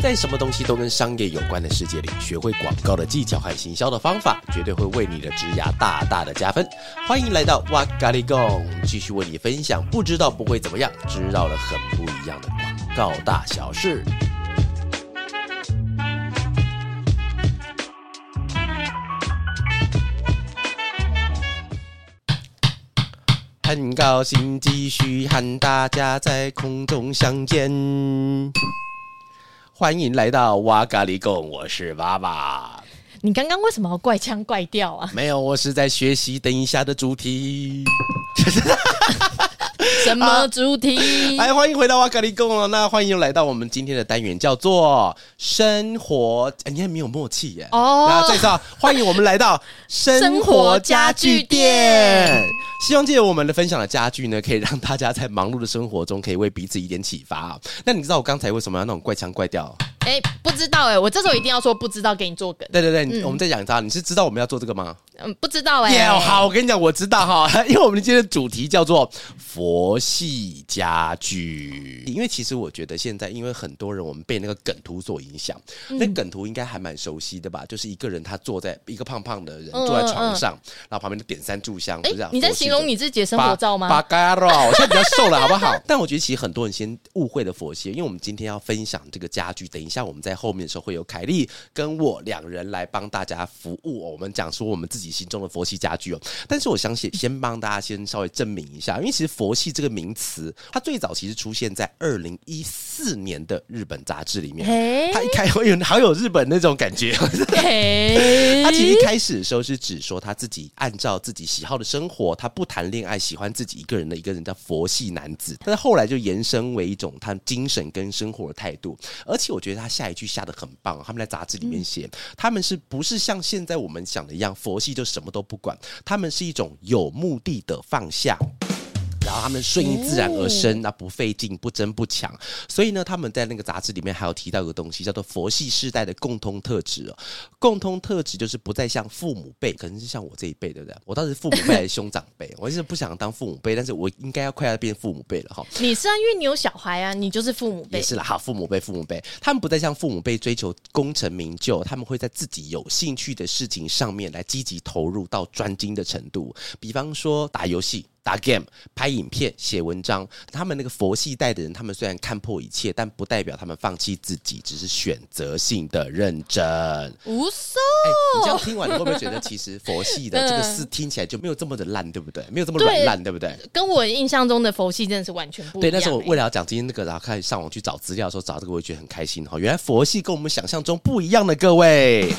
在什麼東西都跟商業有關的世界裡，學會廣告的技巧和行銷的方法，絕對會為你的職涯大大的加分。歡迎來到 WA 嘎哩供，繼續為你分享，不知道不會怎麼樣，知道了很不一樣的廣告大小事。很高興繼續和大家在空中相見。歡迎來到 WA 嘎哩供，我是娃娃。你剛剛為什麼要怪腔怪調啊？沒有，我是在學習等一下的主題。 什麼主題？哎、啊、來、歡迎回到 WA 嘎哩供了。那歡迎又來到我們今天的單元，叫做生活。哎，你還沒有默契耶。哦，那再次歡迎我們來到生活家具店。希望借由我們的分享的佳句呢，可以讓大家在忙碌的生活中，可以為彼此一點啟發。那你知道我剛才為什麼要那種怪腔怪調？哎、欸，不知道哎、欸，我這時候一定要說不知道給你做梗。對對對，嗯、我們在講啥？你是知道我們要做這個嗎？嗯，不知道哎、欸。Yeah, 好，我跟你講，我知道哈，因為我們今天的主題叫做佛系佳句。因為其實我覺得現在，因為很多人我們被那個梗圖所影響，嗯、那梗圖應該還蠻熟悉的吧？就是一個人他坐在一個胖胖的人坐在床上，嗯嗯嗯、然後旁邊點三炷香。哎、就是欸，你在行？佛系形容你自己的生活照嗎？巴嘎羅，我現在比較瘦了，好不好？ 但我覺得其實很多人先誤會了佛系，因為我們今天要分享這個家具。等一下我們在後面的時候會有凱莉跟我兩人來幫大家服務哦。我們講說我們自己心中的佛系家具哦。但是我想先，先幫大家先稍微證明一下，因為其實佛系這個名詞，它最早其實出現在二零一四年的日本雜誌裡面。它一開會有好有日本那種感覺。 它其實一開始的時候是指說他自己按照自己喜好的生活，他。不談戀愛，喜歡自己一個人的一個人叫佛系男子，但是後來就延伸為一種他精神跟生活的態度，而且我覺得他下一句下得很棒，他們在雜誌裡面寫，嗯，他們是不是像現在我們想的一樣，佛系就什麼都不管？他們是一種有目的的放下。然後他們順應自然而生，那、哦、不費勁，不爭不搶。所以呢，他們在那個雜誌裡面還有提到一個東西，叫做“佛系世代”的共通特質、哦。共通特質就是不再像父母輩，可能是像我這一輩，對不對？我當時父母輩還是兄長輩， 我就是不想當父母輩，但是我應該要快要變父母輩了哈。哦、你是啊，因為你有小孩啊，你就是父母輩。也是了，好，父母輩，父母輩，他們不再像父母輩追求功成名就，他們會在自己有興趣的事情上面來積極投入到專精的程度，比方說打遊戲。打 game、拍影片、寫文章，他們那個佛系代的人，他們雖然看破一切，但不代表他們放棄自己，只是選擇性的認真。無收受、欸，你知道聽完你會不會覺得，其實佛系的這個事聽起來就沒有這麼的爛，對不對？沒有這麼軟爛，對，對不對？跟我印象中的佛系真的是完全不一樣、欸。對，但是我為了要講今天那個，然後開始上網去找資料的時候，找這個我也覺得很開心哈。原來佛系跟我們想象中不一樣的，各位。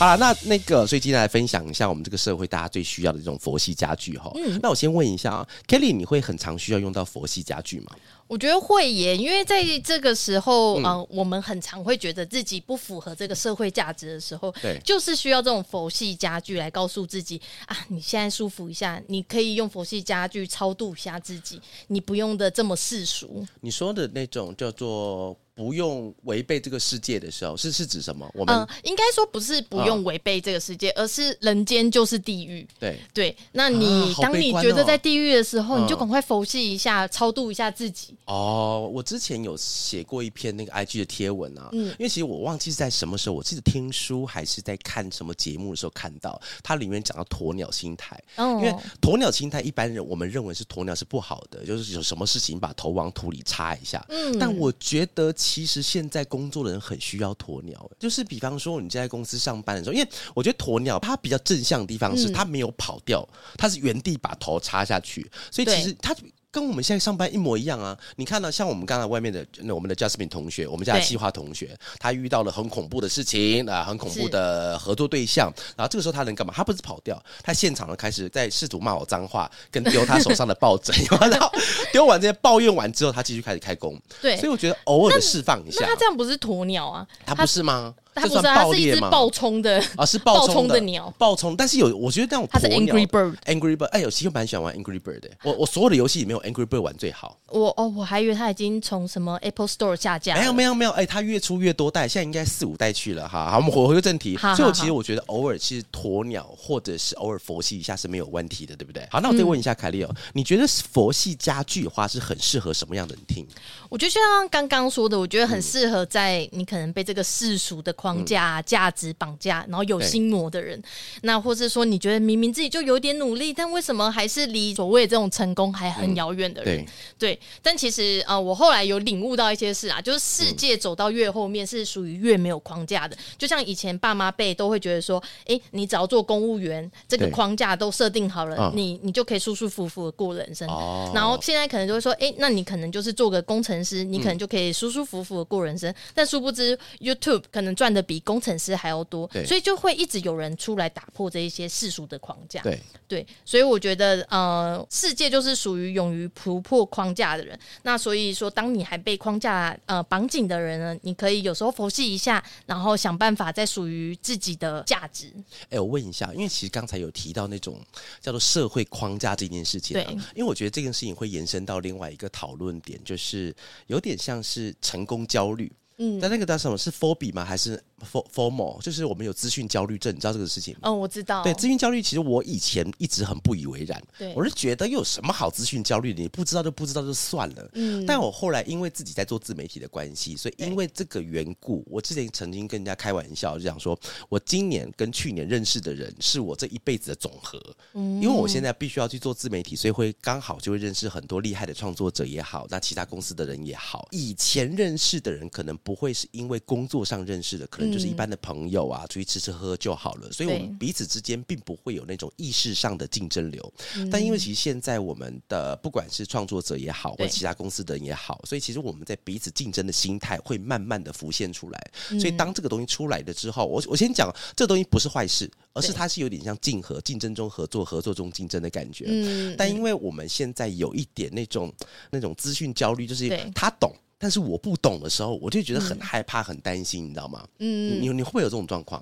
好了，那那個，所以今天來分享一下我們這個社會大家最需要的這種佛系佳句哈。嗯、那我先問一。啊、Kelly，你會很常需要用到佛系佳句嗎？我覺得會耶，因為在這個時候，嗯、呃，我們很常會覺得自己不符合這個社會價值的時候，對，就是需要這種佛系佳句來告訴自己啊，你現在舒服一下，你可以用佛系佳句超度一下自己，你不用的這麼世俗。你說的那種叫做。不用違背這個世界的時候，是是指什麼？我們、嗯、應該說不是不用違背這個世界，啊、而是人間就是地獄。對對，那你、啊、好悲觀哦，當你覺得在地獄的時候，嗯、你就趕快佛系一下，超度一下自己。哦，我之前有寫過一篇那個 IG 的貼文啊，嗯，因為其實我忘記是在什麼時候，我記得聽書還是在看什麼節目的時候看到，它裡面講到鴕鳥心態。嗯，因為鴕鳥心態一般人我們認為是鴕鳥是不好的，就是有什麼事情把頭往土裡插一下。嗯，但我覺得。其實現在工作的人很需要鴕鳥，就是比方說你在公司上班的時候，因為我覺得鴕鳥它比較正向的地方是它沒有跑掉，嗯、它是原地把頭插下去，所以其實它。跟我們現在上班一模一樣啊！你看啊，像我們剛才外面的那我們的 Justin 同學，我們家的企劃同學，他對遇到了很恐怖的事情對啊，很恐怖的合作對象，是然後這個時候他能幹嘛？他不是跑掉，他現場呢，開始在試圖罵我髒話，跟丟他手上的抱枕， 然後丟完這些抱怨完之後，他繼續開始開工。對，所以我覺得偶爾的釋放一下，那，那他這樣不是鴕鳥啊？他不是嗎？他不是，爆是一隻暴衝的啊，是暴衝的，的鳥，暴衝。但是有，我覺得這種他是 Angry Bird，Angry Bird。哎、欸，我其實蠻喜歡玩 Angry Bird 的、欸。哈我我所有的遊戲裡面有，Angry Bird 玩最好。我哦，我還以為他已經從什麼 Apple Store 下架了。沒有沒有沒有，哎、欸，他越出越多代，現在應該四五代去了哈。好，我們回回個正題。最後，其實我覺得偶爾其實鴕鳥或者是偶爾佛系一下是沒有問題的，對不對？好，那我再問一下凱麗哦，嗯、你覺得佛系佳句的話是很適合什麼樣的人聽？我覺得像剛剛說的，我覺得很適合在你可能被這個世俗的。框架、價值綁架，然後有心魔的人，對那或是說你覺得明明自己就有點努力，但為什麼還是離所謂這種成功還很遙遠的人？嗯、對，對，但其實啊、呃，我後來有領悟到一些事啊，就是世界走到越後面，是屬於越沒有框架的。嗯、就像以前爸媽輩都會覺得說，哎、欸，你只要做公務員，這個框架都設定好了，啊、你你就可以舒舒服服的過人生。哦、然後現在可能就會說，哎、欸，那你可能就是做個工程師，你可能就可以舒舒服服的過人生。嗯、但殊不知 YouTube 可能賺。得比工程師還要多，對所以就會一直有人出來打破這一些世俗的框架。對，對，所以我覺得，呃，世界就是屬於勇於突破框架的人。那所以說，當你還被框架呃綁緊的人呢，你可以有時候佛系一下，然後想辦法再屬於自己的價值。哎、欸，我問一下，因為其實剛才有提到那種叫做社會框架這件事情，啊，對，因為我覺得這件事情會延伸到另外一個討論點，就是有點像是成功焦慮。嗯，但那個叫什麼是佛比嗎？還是？formal 就是我們有資訊焦慮症，你知道這個事情嗎？嗯，我知道。對資訊焦慮，其實我以前一直很不以為然，對，我是覺得有什麼好資訊焦慮的，你不知道就不知道就算了。嗯。但我後來因為自己在做自媒體的關係，所以因為這個緣故，對我之前曾經跟人家開玩笑，就講說我今年跟去年認識的人是我這一輩子的總和。嗯。因為我現在必須要去做自媒體，所以會剛好就會認識很多厲害的創作者也好，那其他公司的人也好，以前認識的人可能不會是因為工作上認識的，可能、嗯。就是一般的朋友啊，嗯、出去吃吃喝喝就好了，所以我們彼此之間並不會有那種意識上的競爭流。嗯、但因為其實現在我們的不管是創作者也好，對或者其他公司的人也好，所以其實我們在彼此競爭的心態會慢慢的浮現出來。嗯、所以當這個東西出來了之後，我我先講，這個東西不是壞事，而是它是有點像競合，競爭中合作，合作中競爭的感覺。嗯、但因為我們現在有一點那種那種資訊焦慮，就是他懂。但是我不懂的時候，我就覺得很害怕、很擔心，你知道嗎？嗯，你你會有這種狀況？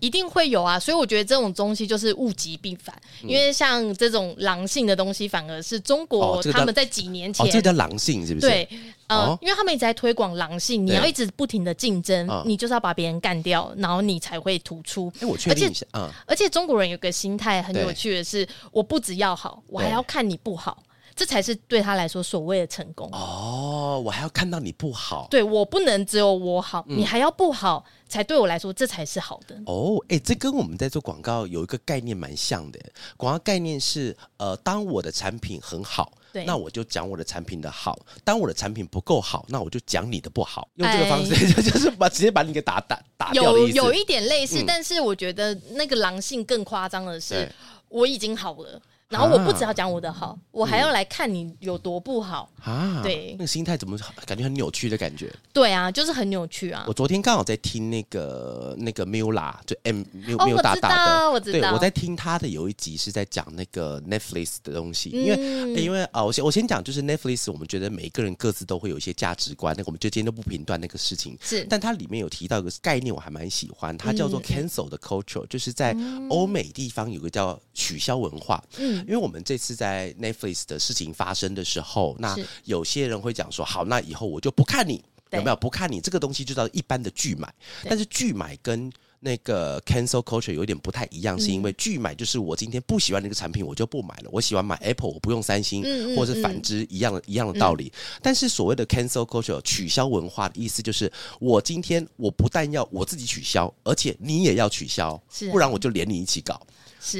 一定會有啊！所以我覺得這種東西就是物極必反，因為像這種狼性的東西，反而是中國他們在幾年前，這叫狼性是不是？對，呃，因為他們一直在推廣狼性，你要一直不停的競爭，你就是要把別人幹掉，然後你才會突出。哎，我確定一下啊！而且啊！而且中國人有個心態很有趣的是，我不只要好，我還要看你不好。這才是對他來說所謂的成功哦，我還要看到你不好，對，我不能只有我好，嗯、你還要不好，才對我來說這才是好的哦。哎、欸，這跟我們在做廣告有一個概念蠻像的，廣告概念是呃，當我的產品很好，對那我就講我的產品的好；當我的產品不夠好，那我就講你的不好。用這個方式唉 就是把直接把你給打打打掉的意思，有有一點類似，嗯、但是我覺得那個狼性更誇張的是，對我已經好了。然後我不只要講我的好，啊、我還要來看你有多不好啊！嗯、對，那個心態怎麼感覺很扭曲的感覺？對啊，就是很扭曲啊！我昨天剛好在聽那個那個 Mula 就 M Mila，哦，大大的我知道，我知道。對，我在聽他的有一集是在講那個 Netflix 的東西，嗯，因為因為啊，我先我先講，就是 Netflix，我們覺得每一個人各自都會有一些價值觀，那個我們之間都不評斷那個事情。是，但它裡面有提到一個概念，我還蠻喜歡，它叫做 Cancel 的 Culture，、嗯、就是在歐美地方有個叫取消文化。嗯因為我們這次在 Netflix 的事情發生的時候，是那有些人會講說：“好，那以後我就不看你對有沒有不看你這個東西，就叫一般的拒買。對”但是拒買跟那個 cancel culture 有點不太一樣，嗯、是因為拒買就是我今天不喜歡那個產品，我就不買了。我喜歡買 Apple，我不用三星，嗯嗯嗯嗯或者是，反之一樣的一樣的道理。嗯、但是所謂的 cancel culture 取消文化的意思就是，我今天我不但要我自己取消，而且你也要取消，啊、不然我就連你一起搞。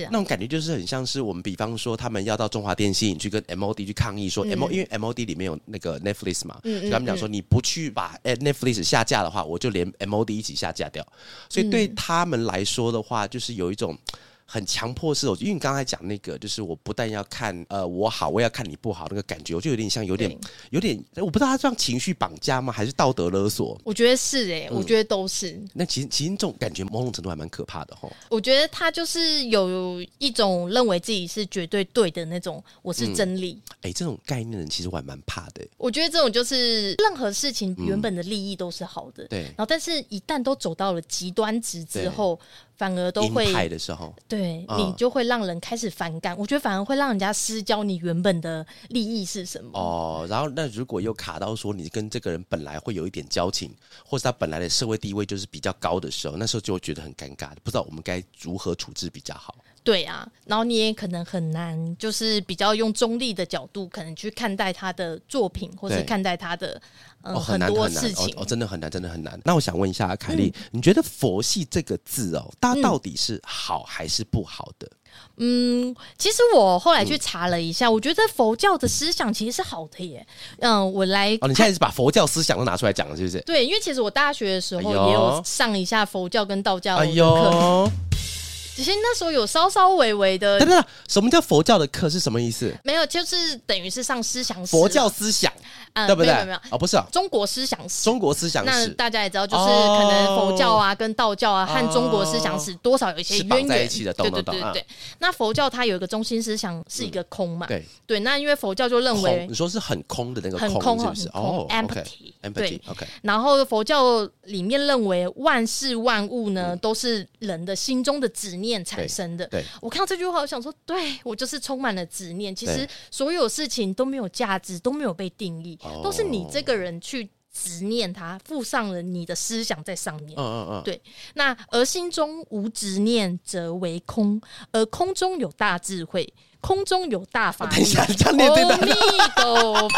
那種感覺，就是很像是我們，比方說他們要到中華電信去跟 MOD 去抗議說，說 M，O，、嗯、因為 MOD 裡面有那個 Netflix 嘛，就、嗯嗯嗯、他們講說，你不去把 Netflix 下架的話，我就連 MOD 一起下架掉。所以對他們來說的話，嗯、就是有一種。很強迫式，我因為你剛才講那個，就是我不但要看呃我好，我要看你不好那個感覺，我就有點像有點對有點，我不知道他這樣情緒綁架嗎？還是道德勒索？我覺得是哎、欸，嗯、我覺得都是。那其實其實這種感覺某種程度還蠻可怕的吼，我覺得他就是有一種認為自己是絕對對的那種，我是真理。哎、嗯欸，這種概念其實我還蠻怕的、欸。我覺得這種就是任何事情原本的利益都是好的，嗯、對。然後，但是一旦都走到了極端值之後。反而都會，害的時候，對，嗯、你就會讓人開始反感。我覺得反而會讓人家失焦，你原本的利益是什麼？哦，然後那如果又卡到說你跟這個人本來會有一點交情，或是他本來的社會地位就是比較高的時候，那時候就會覺得很尷尬，不知道我們該如何處置比較好。對啊，然後你也可能很難，就是比較用中立的角度，可能去看待他的作品，或是看待他的很多事情。哦，真的很難，真的很難。那我想問一下凱，凱麗，嗯，你覺得“佛系”這個字哦，它到底是好還是不好的嗯？嗯，其實我後來去查了一下，嗯，我覺得佛教的思想其實是好的耶。嗯，我來看哦，你現在是把佛教思想都拿出來講了，是不是？對，因為其實我大學的時候也有上一下佛教跟道教的課。哎呦其實那時候有稍稍微微的，等等，什麼叫佛教的課是什麼意思？沒有，就是等於是上思想史佛教思想，啊，對不對？沒有，沒有啊，不是中國思想史，中國思想史，那大家也知道，就是可能佛教啊，跟道教啊，和中國思想史多少有一些淵源在一起的，對對對對。那佛教它有一個中心思想，是一個空嘛？對對，那因為佛教就認為你說是很空的那個空，是不是？哦，empty，empty，OK。然後佛教裡面認為萬事萬物呢，都是人的心中的執念。念產生的，我看到這句話，我想說，對我就是充滿了執念。其實所有事情都沒有價值，都沒有被定義，對都是你這個人去執念它，附上了你的思想在上面。對，對。那而心中無執念，則為空；而空中有大智慧。空中有大法。等一下，這樣念對吧？阿彌、哦、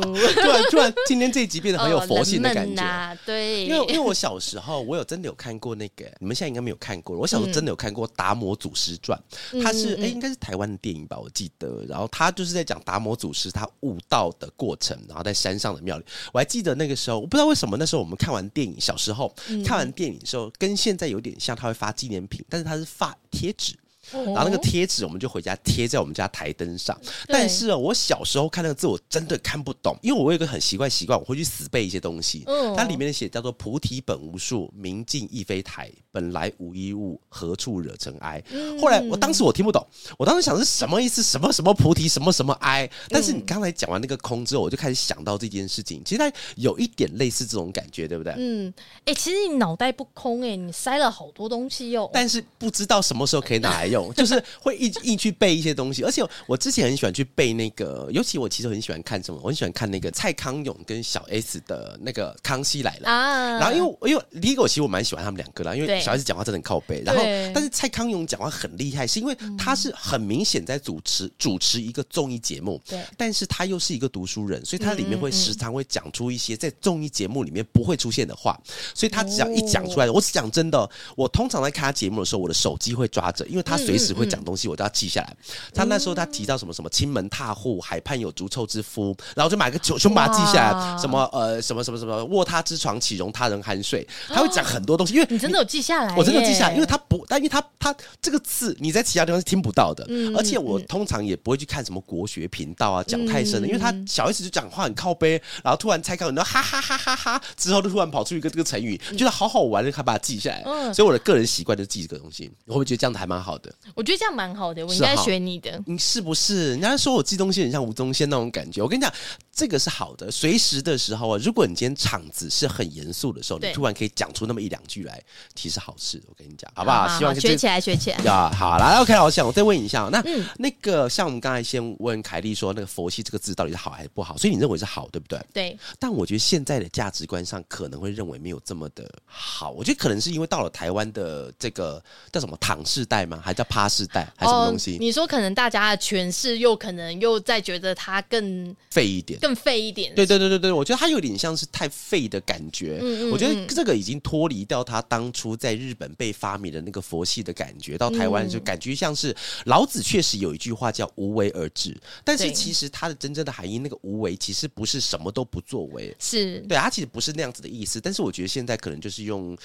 突然，突然，今天這一集變得很有佛性的感覺。哦冷冷啊、對，因為因為我小時候，我有真的有看過那個，你們現在應該沒有看過了。我小時候真的有看過《達摩祖師傳》嗯，他是哎、欸，應該是台灣的電影吧，我記得。嗯嗯然後他就是在講達摩祖師他悟道的過程，然後在山上的廟裡。我還記得那個時候，我不知道為什麼那時候我們看完電影，小時候、嗯、看完電影的時候，跟現在有點像，他會發紀念品，但是他是發貼紙。然後那個貼紙，我們就回家貼在我們家檯燈上。對但是我小時候看那個字，我真的看不懂，因為我有一個很奇怪習慣，我會去死背一些東西。嗯，它裡面的寫叫做“菩提本無樹，明鏡亦非台，本來無一物，何處惹塵埃”。嗯、後來，我當時我聽不懂，我當時想是什麼意思，什麼什麼菩提，什麼什麼埃。但是你剛才講完那個空之後，我就開始想到這件事情，其實它有一點類似這種感覺，對不對？嗯，哎、欸，其實你腦袋不空哎、欸，你塞了好多東西又、喔、但是不知道什麼時候可以拿來用。 就是會一直硬去背一些東西，而且我之前很喜歡去背那個，尤其我其實很喜歡看什麼，我很喜歡看那個蔡康永跟小 S 的那個《康熙來了》啊。然後因為我因為李狗其實我蠻喜歡他們兩個啦，因為小 S 講話真的很靠北，對然後但是蔡康永講話很厲害，是因為他是很明顯在主持、嗯、主持一個綜藝節目，對，但是他又是一個讀書人，所以他裡面會時常會講出一些在綜藝節目裡面不會出現的話，所以他只要一講出來，哦、我是講真的，我通常在看他節目的時候，我的手機會抓着，因為他、嗯。隨時會講東西，我都要記下來。他那時候他提到什麼什麼“青門踏戶”，海畔有足臭之夫，然後就買個球球把它記下來。哇什麼呃什麼什麼什麼“臥榻之床豈容他人酣睡”？他會講很多東西，因為你，你真的有記下來，我真的有記下來，因為他不，但因為他他，他這個字你在其他地方是聽不到的，嗯、而且我通常也不會去看什麼國學頻道啊，講太深的，嗯、因為他小孩子就講話很靠北，然後突然拆開，你說哈，哈哈哈哈哈，之後就突然跑出一個這個成語，嗯、覺得好好玩，就把它記下來。嗯、所以我的個人習慣就記這個東西，我會覺得這樣子還蠻好的。我覺得這樣蠻好的，我應該學你的，你是不是？人家說我寄東西很像吳宗憲那種感覺，我跟你講。這個是好的，隨時的時候啊，如果你今天場子是很嚴肅的時候，對你突然可以講出那麼一兩句來，其實好事，我跟你講，好不好？啊啊啊啊希望學起來，學起來。呀、啊，好了，OK，好，像我再問你一下，那、嗯、那個像我們剛才先問凱莉說，那個佛系這個字到底是好還是不好？所以你認為是好，對不對？對。但我覺得現在的價值觀上可能會認為沒有這麼的好，我覺得可能是因為到了台灣的這個叫什麼躺世代嗎？還叫趴世代，還是什麼東西？哦、你說可能大家的詮釋又可能又再覺得它更廢一點。更廢一點，對對對對對，我覺得他有點像是太廢的感覺。嗯嗯，我覺得這個已經脫離掉他當初在日本被發明的那個佛系的感覺，到台灣就感覺像是老子確實有一句話叫“無為而治”，但是其實他的真正的含義，那個“無為”其實不是什麼都不作為，是對啊，它其實不是那樣子的意思。但是我覺得現在可能就是用。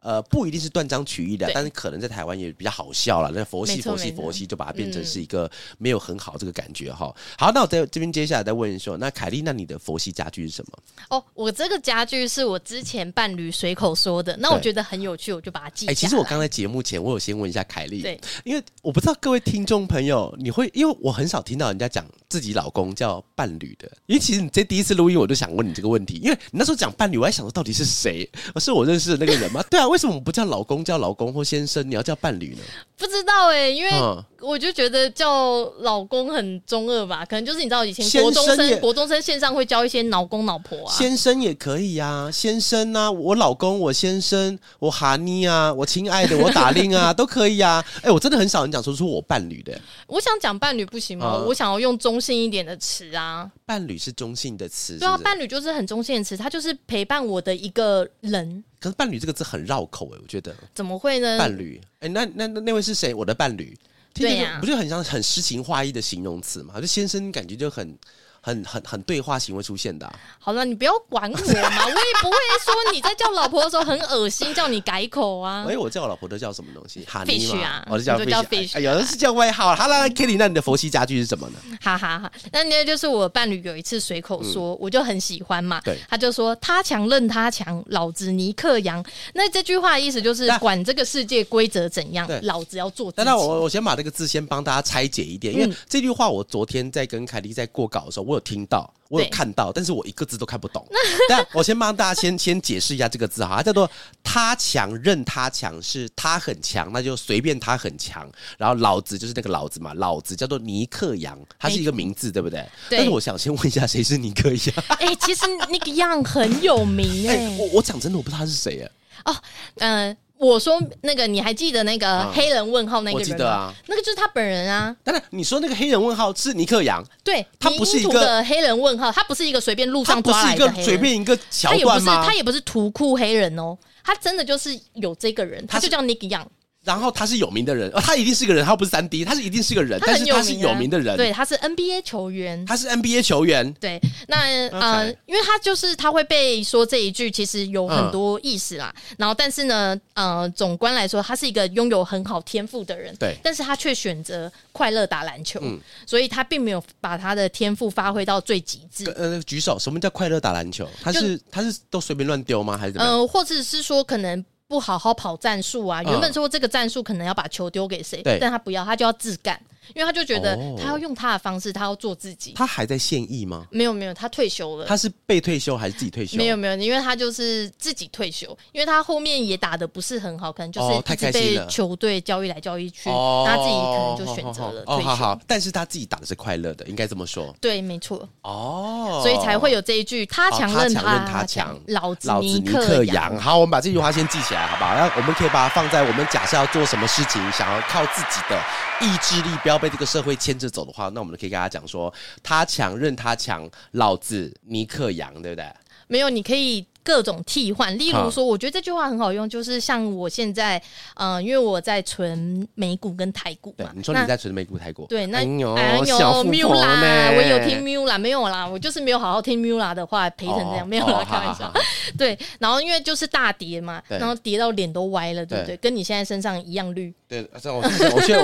呃，不一定是斷章取義的，啊，對但是可能在台灣也比較好笑了。那佛系佛系佛系，就把它變成是一個沒有很好這個感覺哈。嗯、好，那我在這邊接下來再問一下，那凱麗，那你的佛系家具是什麼？哦，我這個家具是我之前伴侶隨口說的，那我覺得很有趣，對我就把它記下來。哎、欸，其實我剛在節目前，我有先問一下凱麗，對，因為我不知道各位聽眾朋友，你會因為我很少聽到人家講自己老公叫伴侶的，因為其實你這第一次錄音，我就想問你這個問題，因為你那時候講伴侶，我還想說到，到底是誰？是我認識的那個人嗎？對啊。為什麼我們不叫老公叫老公或先生？你要叫伴侶呢？不知道誒、欸，因為、嗯。我就覺得叫老公很中二吧，可能就是你知道以前國中生、生國中生線上會教一些老公、老婆啊。先生也可以啊，先生啊，我老公，我先生，我哈尼啊，我親愛的，我打令啊， 都可以啊。哎、欸，我真的很少人講說出，出我伴侶的，我想講伴侶不行嗎？嗯、我想要用中性一點的詞啊。伴侶是中性的詞，對啊，伴侶就是很中性的詞，它就是陪伴我的一個人。可是伴侶這個字很繞口哎、欸，我覺得怎麼會呢？伴侶哎、欸，那那那，那位是誰？我的伴侶。聽着、就是啊、不是很像很詩情畫意的形容詞嘛？就先生感覺就很。很很很對話型會出現的。好了，你不要管我嘛，我也不會說你在叫老婆的時候很噁心，叫你改口啊。哎，我叫我老婆都叫什麼東西？Honey，fish 啊，我就叫 fish 哎，有人是叫外號。哈啦，Kitty，那你的佛系佳句是什麼呢？哈哈哈，那那就是我伴侶有一次隨口說，我就很喜歡嘛。對，他就說他強任他強，老子尼克楊。那這句話的意思就是管這個世界規則怎樣，老子要做。那我我先把這個字先幫大家拆解一點，因為這句話我昨天在跟凱麗在過稿的時候。我有聽到，我有看到，對但是我一個字都看不懂。但 我先幫大家先先解釋一下這個字哈，叫做他“他強任他強”，是他很強，那就隨便他很強。然後老子就是那個老子嘛，老子叫做尼克楊，他是一個名字，欸、對不對？對但是我想先問一下，誰是尼克楊？哎、欸，其實尼克楊很有名哎、欸欸。我我講真的，我不知道他是誰哎。哦，嗯、呃。我說那個，你還記得那個黑人問號那個人嗎？啊記得啊，那個就是他本人啊！當然，嗯、你說那個黑人問號是尼克楊，對他不是一個黑人問號，他不是一個隨便路上抓來的隨便一個橋段嗎？他也不是，他也不是圖庫黑人哦，喔，他真的就是有這個人，他就叫尼克楊。然後他是有名的人、哦、他一定是個人，他又不是三 D，他是一定是個人，但是他是有名的人，對，他是 NBA 球員，他是 NBA 球員，對，那呃，Okay 因為他就是他會被說這一句，其實有很多意思啦。嗯、然後，但是呢，呃，總觀來說，他是一個擁有很好天賦的人，對，但是他卻選擇快樂打籃球，嗯、所以他並沒有把他的天賦發揮到最極致。呃，舉手，什麼叫快樂打籃球？他是就他是都隨便亂丟嗎？還是怎麼樣？呃，或者是說可能。不好好跑戰術啊！嗯、原本說這個戰術可能要把球丟給誰，對，但他不要，他就要自幹。因為他就覺得他要用他的方式，哦、他要做自己。他還在現役嗎？沒有，沒有，他退休了。他是被退休還是自己退休？沒有，沒有，因為他就是自己退休。因為他後面也打的不是很好，可能就是一直被球隊交易來交易去，哦、太開心了。他自己可能就選擇了退休。哦、好，好，但是他自己打的是快樂的，應該這麼說。對，沒錯。哦，所以才會有這一句“他強任他強哦，老子尼克楊”克。好，我們把這句話先記起來，好不好？那我們可以把它放在我們假設要做什麼事情，想要靠自己的意志力。要被這個社會牽着走的話，那我們可以跟他講說，他強任他強，老子尼克楊，對不對？沒有，你可以。各種替換，例如說，我覺得這句話很好用，就是像我現在，嗯，因為我在存美股跟台股嘛。對，你說你在存美股台股。對，那哎呦，Mula 我有聽 Mula 沒有啦，我就是沒有好好聽 Mula 的話，賠成這樣，沒有啦，開玩笑。對，然後因為就是大跌嘛，然後跌到臉都歪了，對不對？跟你現在身上一樣綠。對，我確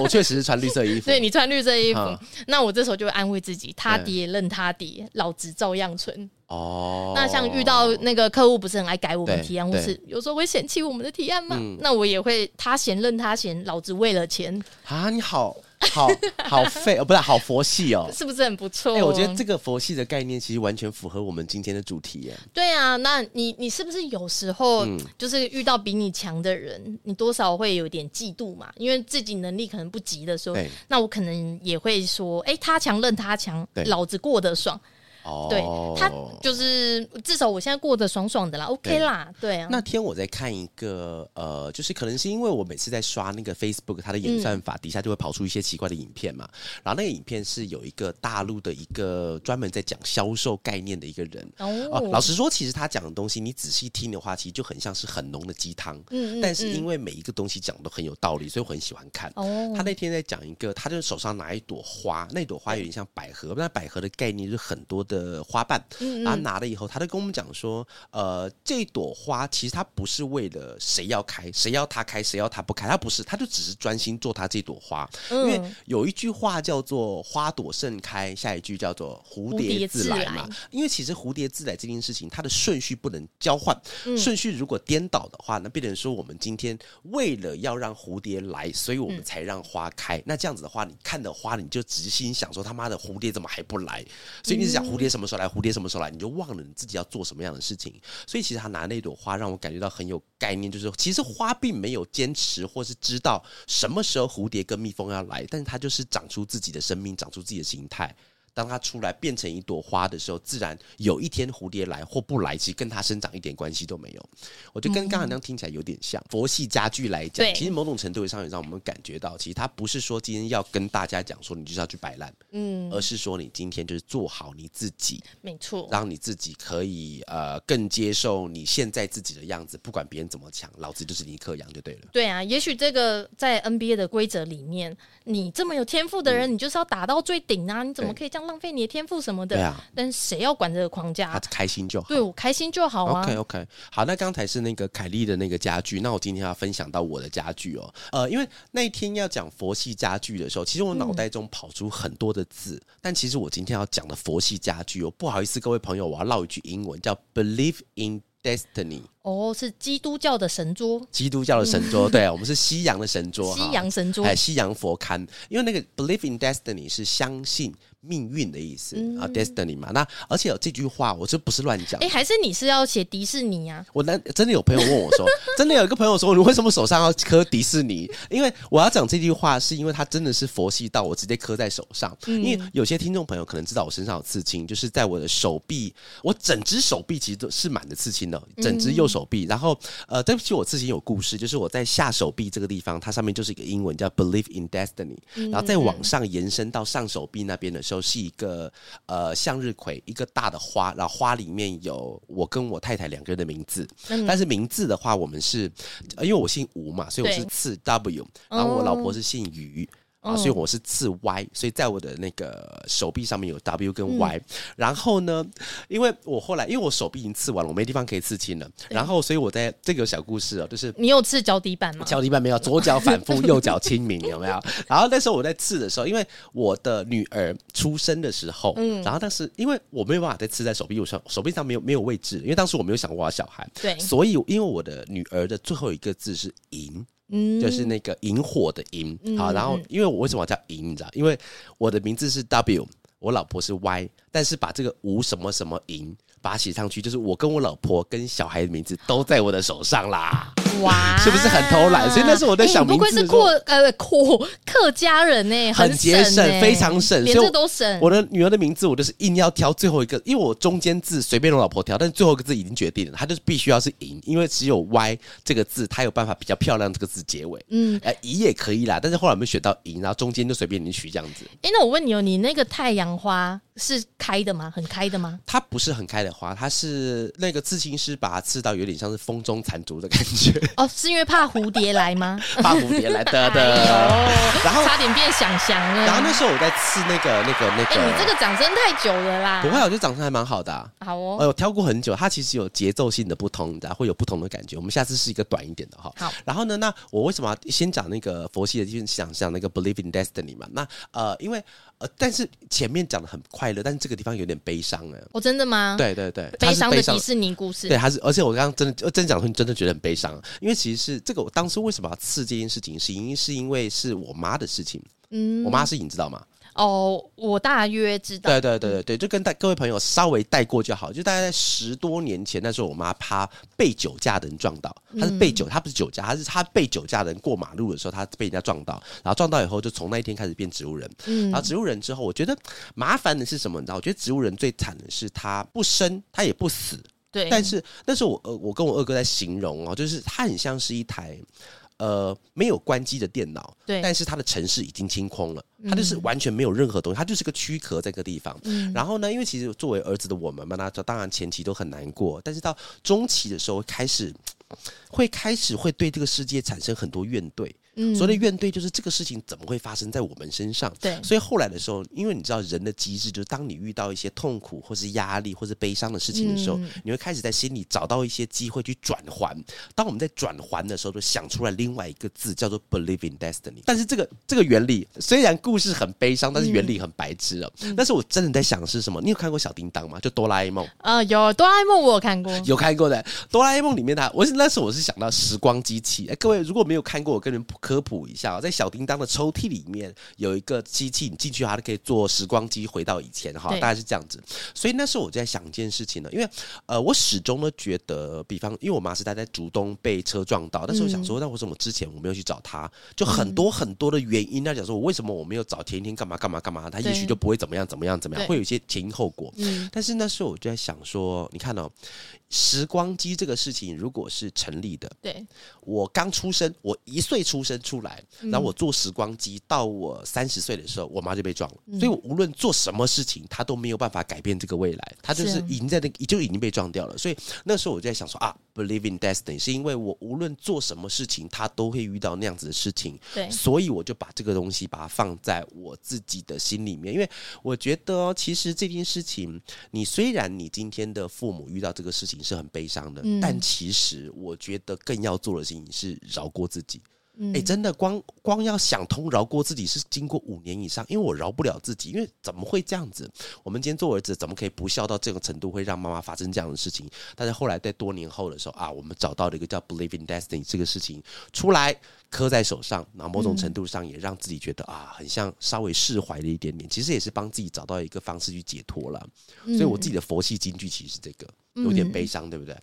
我確實是穿綠色衣服。對，你穿綠色衣服，那我這時候就會安慰自己：他跌認他跌，老子照樣存。哦，oh, 那像遇到那個客戶不是很愛改我們提案，或是有時候會嫌棄我們的提案嗎？嗯、那我也會他嫌任他嫌，老子為了錢啊！你好好 好廢，不是好佛系哦、喔，是不是很不錯？哎、欸，我覺得這個佛系的概念其實完全符合我們今天的主題耶。對啊，那你你是不是有時候就是遇到比你強的人，嗯、你多少會有點嫉妒嘛？因為自己能力可能不及的時候，對那我可能也會說，哎、欸，他強任他強，對老子過得爽。哦，對。他就是至少我現在過得爽爽的啦，OK 啦，對。對啊。那天我在看一個呃，就是可能是因為我每次在刷那個 Facebook，它的演算法底下就會跑出一些奇怪的影片嘛。嗯、然後那個影片是有一個大陸的一個專門在講銷售概念的一個人。哦、啊，老實說，其實他講的東西你仔細聽的話，其實就很像是很濃的雞湯。嗯，嗯，嗯，但是因為每一個東西講都很有道理，所以我很喜歡看。哦。他那天在講一個，他就是手上拿一朵花，那一朵花有點像百合，嗯、那百合的概念是很多的。的花瓣，後、嗯嗯啊、拿了以後，他就跟我們講說：“呃，這朵花其實它不是為了誰要開，誰要它開，誰要它不開，它不是，它就只是專心做它這朵花。嗯、因為有一句話叫做‘花朵盛開’，下一句叫做‘蝴蝶自來’嘛。因為其實‘蝴蝶自來’自來這件事情，它的順序不能交換，嗯、順序如果顛倒的話，那變成說我們今天為了要讓蝴蝶來，所以我們才讓花開。嗯、那這樣子的話，你看到花，你就直心想說：‘他媽的，蝴蝶怎麼還不來？’所以你是講、嗯、蝴蝶。”什麼時候來蝴蝶？什麼時候來？你就忘了你自己要做什麼樣的事情。所以其實他拿那朵花，讓我感覺到很有概念，就是其實花並沒有堅持或是知道什麼時候蝴蝶跟蜜蜂要來，但是它就是長出自己的生命，長出自己的形態。當它出來變成一朵花的時候，自然有一天蝴蝶來或不來，其實跟它生長一點關係都沒有。我就跟剛才那樣聽起來有點像、嗯、哼佛系佳句來講，對其實某種程度上也讓我們感覺到，其實它不是說今天要跟大家講說你就是要去擺爛，嗯，而是說你今天就是做好你自己，沒錯錯，讓你自己可以呃更接受你現在自己的樣子，不管別人怎麼講，老子就是尼克楊就對了。對啊，也許這個在 NBA 的規則裡面，你這麼有天賦的人，嗯、你就是要打到最頂啊，你怎麼可以這樣？嗯浪費你的天賦什麼的，啊、但誰要管這個框架啊？他、啊、開心就好，對我開心就好啊。OK OK，好，那剛才是那個凱莉的那個佳句，那我今天要分享到我的佳句哦。呃，因為那一天要講佛系佳句的時候，其實我腦袋中跑出很多的字，嗯、但其實我今天要講的佛系佳句，哦，不好意思，各位朋友，我要撂一句英文，叫 Believe in Destiny。哦，oh, 是基督教的神桌，基督教的神桌，嗯、對，我們是西洋的神桌，西洋神桌，哎、啊，西洋佛龕，因為那個 Believe in Destiny 是相信。命運的意思啊、嗯、destiny 嘛。那而且有這句話，我就不是亂講。哎，還是你是要寫迪士尼啊？我難，真的有朋友問我說， 真的有一個朋友說，你為什麼手上要刻迪士尼？因為我要講這句話，是因為他真的是佛系到我直接刻在手上。嗯、因為有些聽眾朋友可能知道我身上有刺青，就是在我的手臂，我整隻手臂其實都是滿的刺青的，整隻右手臂。然後呃，對不起，我刺青有故事，就是我在下手臂這個地方，它上面就是一個英文叫 believe in destiny，然後再往上延伸到上手臂那邊的時候，都是一個，呃，向日葵，一個大的花，然後花裡面有我跟我太太兩個人的名字。嗯、但是名字的話，我們是因為我姓吳嘛，所以我是次 W，對然後我老婆是姓於。嗯啊，所以我是刺歪，嗯、所以在我的那個手臂上面有 W 跟 Y。嗯、然後呢，因為我後來因為我手臂已經刺完了，我沒地方可以刺青了。然後，所以我在這個有小故事哦，就是你有刺腳底板嗎？腳底板沒有，左腳反復 右腳清明，有沒有？然後那時候我在刺的時候，因為我的女兒出生的時候，嗯，然後但是因為我沒有辦法再刺在手臂，我手臂上沒有沒有位置，因為當時我沒有想過要小孩，對，所以因為我的女兒的最後一個字是贏。嗯，就是那個螢火的螢，嗯、好，然後因為我為什麼叫螢，你知道？因為我的名字是 W，我老婆是 Y，但是把這個無什麼什麼螢，把它寫上去，就是我跟我老婆跟小孩的名字都在我的手上啦。哇， 是不是很偷懶？所以那是我在想，欸、不愧是闊果呃闊客家人呢、欸，很節省，欸、省，欸、非常省，所以連這都省。我的女兒的名字，我就是硬要挑最後一個，因為我中間字隨便我老婆挑，但是最後一個字已經決定了，她就是必須要是“贏”，因為只有 “Y” 這個字，她有辦法比較漂亮。這個字結尾，嗯，哎、呃，“贏”也可以啦，但是後來我們選到“贏”，然後中間就隨便你取這樣子。哎、欸，那我問你哦、喔，你那個太陽花是開的嗎？很開的嗎？它不是很開的花，它是那個刺青師把它刺到有點像是風中殘燭的感覺。哦，是因為怕蝴蝶來嗎？怕蝴蝶來的的，噔噔哎、呦然後差點變想象了。然後那時候我在吃那個、那個、那個，哎、欸，你這個掌聲太久了啦！不會，我覺得掌聲還蠻好的、啊。好哦，哎、呃、我跳過很久，它其實有節奏性的不同，然後會有不同的感覺。我們下次試一個短一點的齁。好，然後呢？那我為什麼要先講那個佛系的，就是想象那個 Believe in Destiny 嘛？那呃，因為。呃，但是前面講的很快樂，但是這個地方有點悲傷了。我、哦、真的嗎？對對對，悲傷的迪士尼故事。對，還是而且我剛剛真的我真講出，真的覺得很悲傷，因為其實是這個，我當初為什麼要刺這件事情，是因為是因為是我媽的事情。嗯，我媽事情你知道嗎？哦，oh, 我大約知道。對對對對對，嗯、對就跟大各位朋友稍微帶過就好。就大概在十多年前，那時候我媽怕被酒駕的人撞到，她是被酒，嗯、她不是酒駕，她是她被酒駕的人過馬路的時候，她被人家撞到，然後撞到以後就從那一天開始變植物人。嗯、然後植物人之後，我覺得麻煩的是什麼？你知道，我覺得植物人最慘的是她不生，她也不死。對，但是但是我呃，我跟我二哥在形容哦，就是他很像是一台。呃，沒有關機的電腦，對，但是他的程式已經清空了，他就是完全沒有任何東西，他、嗯、就是個軀殼在這個地方。嗯、然後呢，因為其實作為兒子的我們嘛，那當然前期都很難過，但是到中期的時候，開始會開始會對這個世界產生很多怨懟。所以怨懟，就是這個事情怎麼會發生在我們身上？嗯、對，所以後來的時候，因為你知道人的機制，就是當你遇到一些痛苦或是壓力或是悲傷的事情的時候，嗯、你會開始在心裡找到一些機會去轉圜。當我們在轉圜的時候，就想出來另外一個字叫做 Believe in Destiny。但是這個這個原理雖然故事很悲傷，但是原理很白癡了。但是、嗯、我真的在想是什麼？你有看過小叮當嗎？就哆啦 A 夢？呃，有哆啦 A 夢我有看過，有看過的哆啦 A 夢裡面的，我是那時候我是想到時光機器。哎、欸，各位如果沒有看過，我跟你們不。科普一下、喔，在小叮噹的抽屜裡面有一個機器，你進去它就可以做時光機回到以前哈對，大概是這樣子。所以那時候我就在想一件事情呢，因為呃，我始終呢覺得，比方因為我媽是她在竹東被車撞到，但是我想說，那為什麼之前我沒有去找她？就很多很多的原因。那想說為什麼我沒有找前一天幹嘛幹嘛幹嘛，她也許就不會怎麼樣怎麼樣怎麼樣，會有一些前因後果。但是那時候我就在想說，你看哦、喔。時光機這個事情，如果是成立的，對，我剛出生，我一歲出生出來，嗯、然後我坐時光機到我三十歲的時候，我媽就被撞了。嗯、所以我無論做什麼事情，她都沒有辦法改變這個未來，她就是已經在那個，啊、就已經被撞掉了。所以那時候我就在想說啊。Believe in destiny，是因為我無論做什麼事情，他都會遇到那樣子的事情，對，所以我就把這個東西把它放在我自己的心裡面，因為我覺得其實這件事情，你雖然你今天的父母遇到這個事情是很悲傷的，嗯、但其實我覺得更要做的事情是饒過自己。哎、欸，真的，光光要想通饒過自己是經過五年以上，因為我饒不了自己，因為怎麼會這樣子？我們今天做兒子，怎麼可以不孝到這個程度，會讓媽媽發生這樣的事情？但是後來在多年後的時候啊，我們找到了一個叫 Believe in Destiny 這個事情出來，磕在手上，然後某種程度上也讓自己覺得啊，很像稍微釋懷了一點點。其實也是幫自己找到一個方式去解脫了。所以我自己的佛系金句，其實這個有點悲傷，對不對？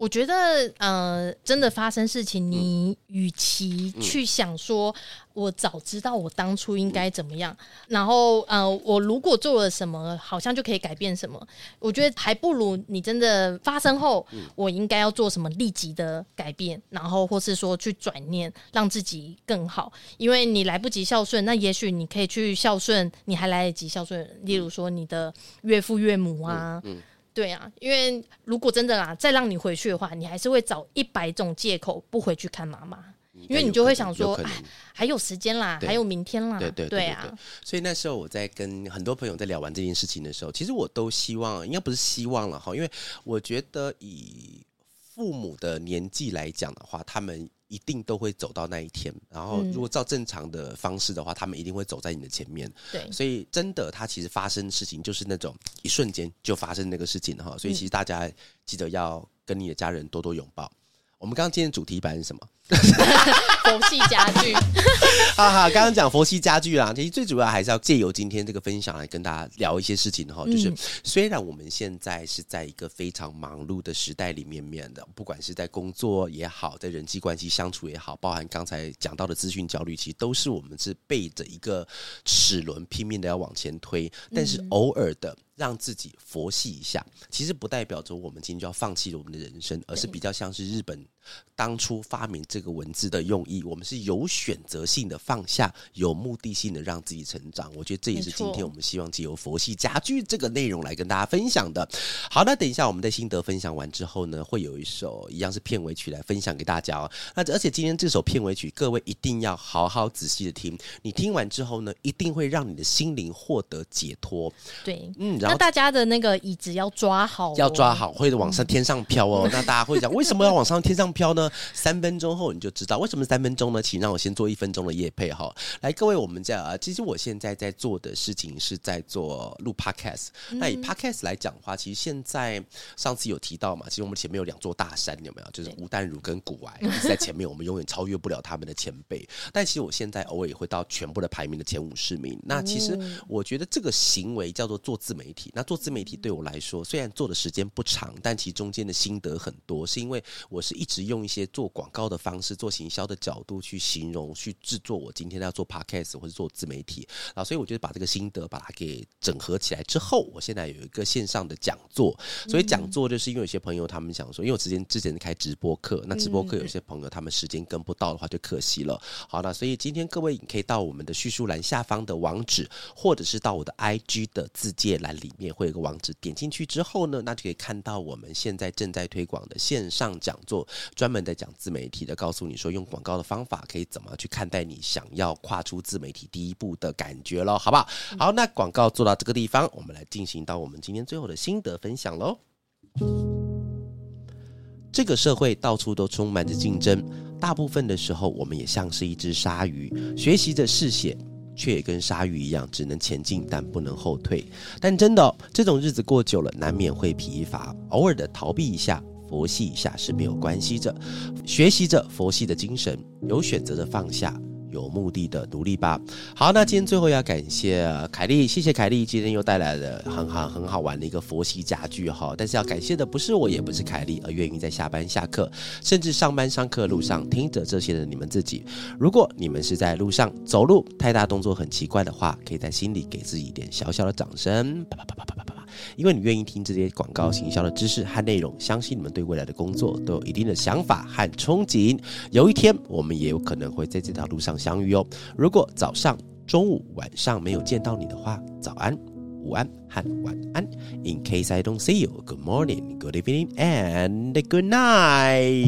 我覺得，呃，真的發生事情，你與其去想說，我早知道我當初應該怎麼樣，然後，呃，我如果做了什麼，好像就可以改變什麼。我覺得還不如你真的發生後，我應該要做什麼立即的改變，然後或是說去轉念，讓自己更好。因為你來不及孝順，那也許你可以去孝順，你還來得及孝順，例如說你的岳父岳母啊。對啊，因為如果真的啦，再讓你回去的話，你還是會找一百種借口不回去看媽媽，因為你就會想說，哎，還有時間啦，對，還有明天啦，對對對，對，對，對，對啊。所以那時候我在跟很多朋友在聊完這件事情的時候，其實我都希望，應該不是希望了哈，因為我覺得以父母的年紀來講的話，他們。一定都會走到那一天，然後如果照正常的方式的話，嗯、他們一定會走在你的前面。對，所以真的，它其實發生的事情就是那種一瞬間就發生那個事情哈。所以其實大家記得要跟你的家人多多擁抱。我們剛剛今天的主題板是什麼？ 佛系佳句，好好，剛剛講佛系佳句啦。其實最主要還是要借由今天這個分享來跟大家聊一些事情哈。嗯、就是雖然我們現在是在一個非常忙碌的時代裡面面的，不管是在工作也好，在人際關係相處也好，包含剛才講到的資訊焦慮，其實都是我們是背着一個齒輪拼命的要往前推。嗯、但是偶爾的讓自己佛系一下，其實不代表着我們今天就要放棄我們的人生，而是比較像是日本當初發明這個。這個文字的用意，我們是有選擇性的放下，有目的性的讓自己成長。我覺得這也是今天我們希望借由佛系佳句這個內容來跟大家分享的。好，那等一下我們的心得分享完之後呢，會有一首一樣是片尾曲來分享給大家、哦。那而且今天這首片尾曲，各位一定要好好仔細的聽。你聽完之後呢，一定會讓你的心靈獲得解脫。對，嗯，然後那大家的那個椅子要抓好、哦，要抓好，會往上天上飄哦。嗯、那大家會講為什麼要往上天上飄呢？ 三分鐘後。你就知道為什麼三分鐘呢？請讓我先做一分鐘的業配哈、哦。來，各位，我們這樣啊，其實我現在在做的事情是在做錄 podcast、嗯。那以 podcast 來講的話，其實現在上次有提到嘛，其實我們前面有兩座大山，有沒有？就是吳淡如跟股癌對一直在前面，我們永遠超越不了他們的前輩。 但其實我現在偶爾也會到全部的排名的前五十名。那其實我覺得這個行為叫做做自媒體。那做自媒體對我來說，雖然做的時間不長，但其中間的心得很多，是因為我是一直用一些做廣告的方法。是做行銷的角度去形容去制作，我今天要做 Podcast 或者做自媒體啊。所以我就把這個心得把它給整合起來之後，我現在有一個線上的講座。所以講座就是因為有些朋友他們想說，因為我之前之前開直播課，那直播課有些朋友他們時間跟不到的話就可惜了。好了，啊，所以今天各位，你可以到我們的敘述欄下方的網址，或者是到我的 IG 的自介欄裡面，會有一個網址。點進去之後呢，那就可以看到我們現在正在推廣的線上講座，專門在講自媒體的。告訴你說，用廣告的方法可以怎麼去看待你想要跨出自媒體第一步的感覺咯。好不好？好，那廣告做到這個地方，我們來進行到我們今天最後的心得分享咯。這個社會到處都充滿着競爭，大部分的時候，我們也像是一隻鯊魚，學習着嗜血，卻也跟鯊魚一樣，只能前進，但不能後退。但真的哦，這種日子過久了，難免會疲乏，偶爾的逃避一下。佛系一下是沒有關係的，學習着佛系的精神，有選擇的放下，有目的的努力吧。好，那今天最後要感謝凱麗，謝謝凱麗，今天又帶來了很好很好玩的一個佛系佳句哈。但是要感謝的不是我，也不是凱麗，而願意在下班下課，甚至上班上課路上聽着這些的你們自己。如果你們是在路上走路，太大動作很奇怪的話，可以在心裡給自己一點小小的掌聲。因為你願意聽這些廣告行銷的知識和內容，相信你們對未來的工作都有一定的想法和憧憬。有一天，我們也有可能會在這條路上相遇哦。如果早上、中午、晚上沒有見到你的話，早安、午安和晚安。In case I don't see you, good morning, good evening, and good night.